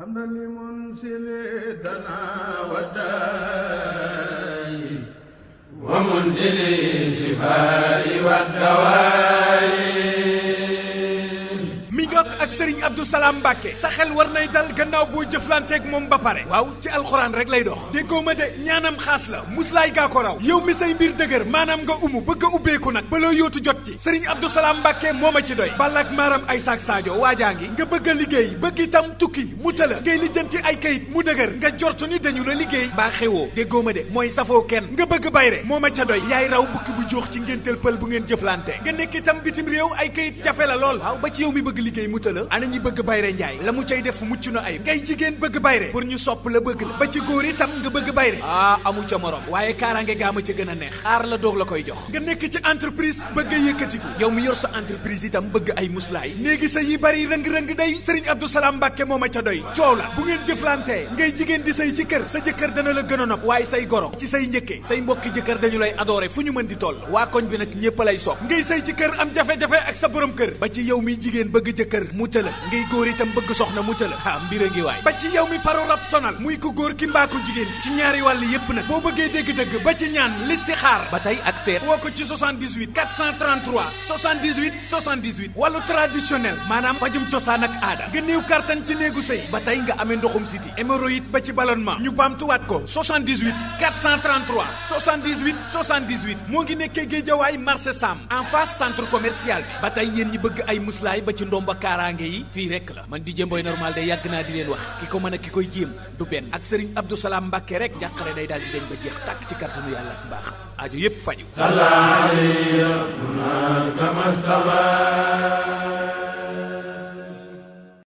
حمدا لمنزلتنا وداي ومنزل الشفاء والدواء bokk ak sëriñ Abdou Salaam Mbàkke sa xel war nay dal gannaaw boo jëflanteeg moom ba pare waaw ci alxuraan rek lay dox déggoo ma de ñaanam xaas la muslaay gaa ko raw yow mi say mbir dëgër maanaam nga umu bëgg a ubbeeku nag ba loo yóotu jot ci sëriñ Abdou Salaam Mbàkke moo ma ci doy ballak maaram ay saak saajo waajaa ngi nga bëgg liggéey bëgg itam tukki mu tëla ngay lijjanti ay kayit mu dëgër nga jortu ni dañu la liggéey baa xewoo déggoo ma de mooy safoo kenn nga bëgg bayre moo ma ca doy yaay raw bukki bu joox ci pël bu ngeen jëflante nga nekk itam bitim réew ay kayit jafe la lool waaw ba ci yow mi bëgg liggéey mu guuta ana ñi bëgg bayre njaay la mu cay def mucc na ay ngay jigéen bëgg bayre pour ñu sopp la bëgg la ba ci góor itam nga bëgg bayre ah amu ca morom waaye kaaraange gaama ma ca gën a ne xaar la doog la koy jox nga nekk ci entreprise bëgg a yëkkatiku yow mi yor sa entreprise itam bëgg ay muslaay néegi sa yi bari rëng-rëng day sëriñ Abdou Salam Mbàkke moo ma ca doy coow la bu ngeen jëflantee ngay jigéen di say ci kër sa jëkkër dana la gën a nopp waaye say goro ci say njëkkee say mbokki jëkkër dañu lay adoore fu ñu mën di toll waa koñ bi nag ñépp lay sopp ngay say ci kër am jafe ak sa borom kër ba ci yow mi jigéen bëgg jëkkër mu tëla ngay góor itam bëgg soxna mu tëla ah mbir a ngi waay ba ci yow mi faru rab sonal muy ko góor ki mbaa ko jigéen ci ñaari wàll yépp nag boo bëggee dégg-dëgg ba ci ñaan listixaar ba tey ak seet woo ko ci 78 433 78 78 maanaam fajum cosaan ak aada nga néew kartan ci néegu sëy ba tey nga ame ndoxum siti hémorroïde ba ci ballonnement ñu baamtuwaat ko 78 433 78 78 moo ngi nekkee géejawaay marché Sam en fas centre commercial ba tey yéen ñi bëgg ay muslaay ba ci ndomba kaaraange yi fii rek la man di jëmboy normal de yàgg naa di leen wax ki ko mën a ki koy jéem du benn ak sëriñ Abdou Salaam Mbàkke rek njàqare day daal di dañ ba jeex tàkk ci kàttanu yàlla ak mbaaxam aajo yépp faju